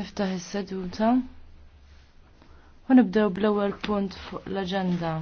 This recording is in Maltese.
Niftaħ is-seduta u nibdew bl-ewwel punt fuq l-aġenda.